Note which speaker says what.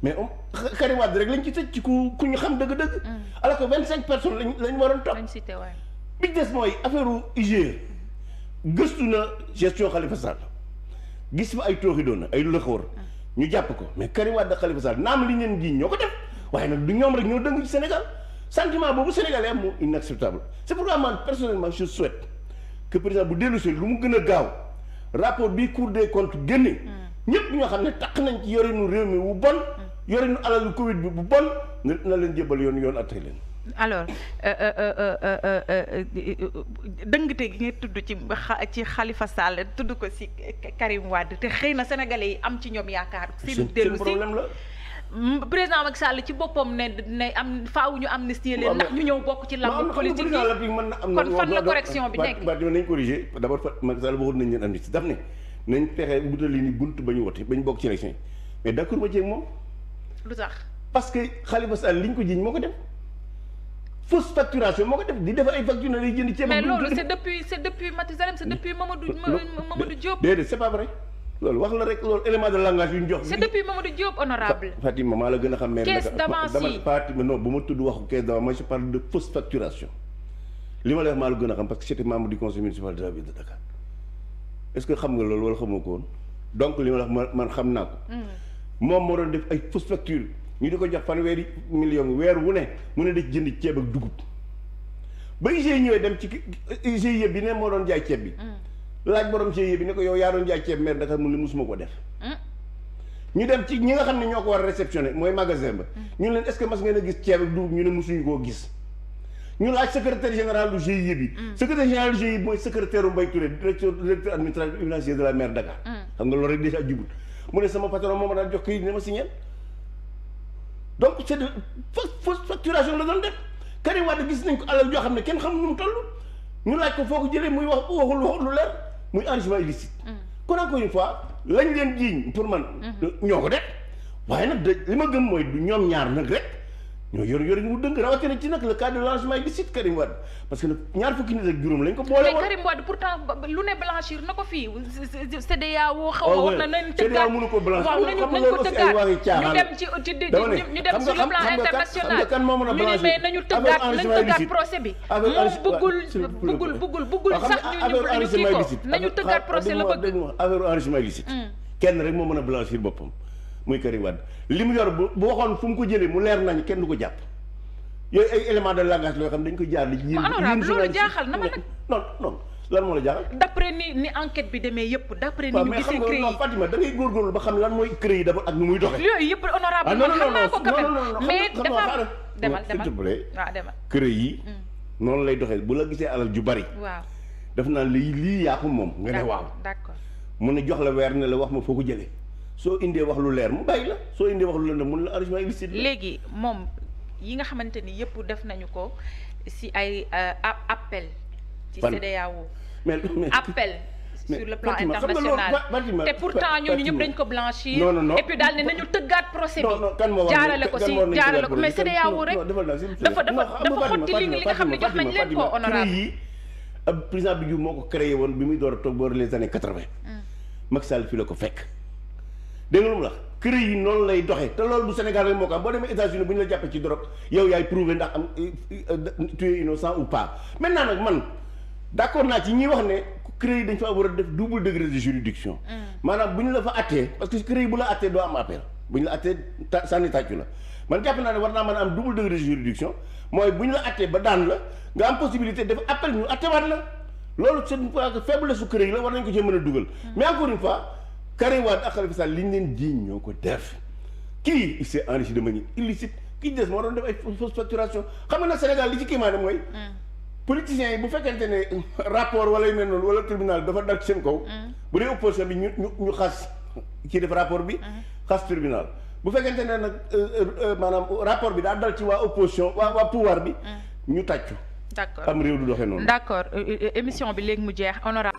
Speaker 1: mais om oh, Karim Wade rek lañ ci tëj ci ku ku ñu xam dëgg-dëgg. Mm. alors que vingt cinq personnes lañ lañ waroon topp. bi des mooy affaire IGE gëstu na gestion Khalifa Sall gis fa ay tooxi ay lu ko mm. ñu jàpp ko mais Karim Wade ak Khalifa naa naam li ñeen ji ñoo ko def waaye nag du ñoom rek ñoo dëng ci Sénégal sentiment boobu sénégalais am moo inacceptable c'est pourquoi man personnellement je souhaite que président bu dellu si lu mu gën a gaaw. rapport bi cour de comptes génne mm. ñëpp ñoo xam ne tax nañ ci yorinu réew mi bu bon mm. yorinu alalu Covid bi bu bon na leen jébal yoon yoon atte leen
Speaker 2: alors euh, euh, euh, dëngte gi nga tudd ci ci Khalifa Sall tudd ko si Karim Wade te xëy na sénégalais yi am ci ñoom yaakaar seen dellu si problème la président Macky Sall ci boppam ne ne am faaw ñu amnistie leen ndax ñu ñëw bokk ci lamb politique bi kon fan la correction bi nekk
Speaker 1: baat nañ corrigé d'abord Macky Sall waxoon nañ leen amnistie daf ne nañ fexe wutal li ni bunt ba ñu wote ba ñu bokk ci élection yi mais d'accord ma ci moom lu tax parce que Khalifa Sall li ñu ko jiiñ moo ko def fausse facturation moo ko def di def ay facture na lay jënd ceeb mais loolu
Speaker 2: c'est depuis c'est depuis Macky
Speaker 1: loolu wax la rek loolu élément de langage yu ñu jox. c'est
Speaker 2: depuis Mamadou Diop honorable.
Speaker 1: Fatima maa la gën a xam ne. caisse d'avance dama Fatima non bu ma tudd waxu caisse d'avance moi je parle de fausse facturation li ma la wax maa la gën a xam parce que j'étais membre du conseil municipal de la ville de Dakar est-ce que xam nga loolu wala xamoo ko woon donc li ma la wax man xam naa ko. Hmm. moom moo doon def ay fausse facture ñu di ko jox fanweeri million weer wu ne mu ne di jënd ceeb ak dugub ba UGF ñëwee dem ci UGF bi ne moo doon jaay ceeb bi. Hmm. laaj borom GIE bi ne ko yow yaa doon jaay ceeb maire Dakar mu ne musuma ko def. ñu dem ci ñi nga xam ne ñoo ko war a réceptionné mooy magasin ba. Mm. ñu leen est-ce que mas ngeen a gis ceeb ak dugub ñu ne mosuñu koo gis. ñu laaj secrétaire général du GIE bi. Mm. secrétaire général du GIE bi mooy secrétaire u Mbaye Touré directeur directeur administratif financier de la maire Dakar. Mm. xam nga loolu rek déjà jubut mu ne sama patron moo ma daan jox kii ne ma signé donc gis nañ ko alal joo xam ne kenn xam nu mu toll ñu laaj ko foo ko jëlee muy wax waxul lu leer. muy enrichissement illicite. Mm. kon encore une fois lañ leen jiiñ pour man. Mm-hmm. ñoo ko def waaye nag li ma gën mooy du ñoom ñaar nag rek. ñoo yor yor ñu mu dënk rawatina ci nag le cas de blanchiment yi di cite Karim Wade parce que ñaar fukki nit ak juróom lañ ko boole woon mais Karim
Speaker 2: Wade pourtant lu ne blanchir na ko fii CEDEAO woo xaw wax na nañ tëggaat mënu ko blanchir international kan moo tëggaat procès bi moom bëggul
Speaker 1: bëggul
Speaker 2: bëggul bëggul sax ñu ñu tëggaat procès la
Speaker 1: bëgg muy Karim Wade li mu yor bu waxoon fu mu ko jëlee mu leer nañ kenn du ko jàpp yooyu ay élément de langage loo xam dañ ko jaar li yéen loolu jaaxal na ma nag non non lan moo la jaaxal d'après
Speaker 2: ni bi demee yëpp d'après ni ñu gisee da
Speaker 1: ngay góorgóorlu ba xam lan mooy crée yi d'abord ak nu muy doxee yooyu
Speaker 2: yëpp honorable ah, man xam naa ko quand mais demal demal s'il yi mm.
Speaker 1: noonu lay doxee bu la gisee alal ju bari waaw daf naan lii lii yaa ko moom nga ne waaw d'accord mu ne jox la weer ne la wax ma foo ko jëlee soo indee wax lu leer mu bàyyi la soo indee wax lu leer mun la enrichissement illicite léegi
Speaker 2: moom yi nga xamante ni yëpp def nañu ko si ay appel
Speaker 1: ci CEDEAO appel sur le plan international te pourtant ñooñu ñëpp dañ
Speaker 2: ko blanchir et puis daal ne
Speaker 1: nañu tëggaat procès bi jaarale ko si jaarale ko mais CEDEAO rek dafa dafa xotti li li nga xam ne jox nañ leen ko honorable yi président bi moo ko créé woon bi muy door a toog boor les années quatre-vingt Macky Sall fii la ko fekk dégg nga lu la kër yi noonu lay doxee te lool bu Sénégal rek moo ko am boo demee États-Unis bu ñu la jàppee ci drogue yow yaay prouver ndax am euh, euh, tu es innocent ou pas maintenant nag man d'accord naa ci ñi wax ne CREI yi dañ fa war a def double degré de juridiction. Mm. maanaam bu ñu la fa attee parce que CREI bu la attee doo am appel bu ñu la attee ta sànni tàccu la man jàpp naa ne war naa man a am double degré de juridiction mooy bu ñu la attee ba daan la nga am def appel ñu attewaat la loolu c'est une faiblesse war nañ ko cee mën a dugal. Mm. mais encore Karim Wade ak Khalifa Sall li ñu leen jiiñ ñoo ko def kii il enrichi de manière illicite kii des moo doon def ay facturation xam nga nag Sénégal li ci kii maanaam mooy. Hmm. politiciens yi bu fekkente ne rapport wala yu mel noonu wala tribunal dafa dal ci seen kaw. Hmm. bu dee opposition bi ñu ñu xas kii def rapport bi. Hmm. xas tribunal bu fekkente ne nag euh, euh, euh, maanaam rapport bi daa dal ci waa opposition waa waa pouvoir bi. ñu tàccu. d'accord am réew du doxee noonu.
Speaker 2: d'accord émission bi léegi mu jeex honorable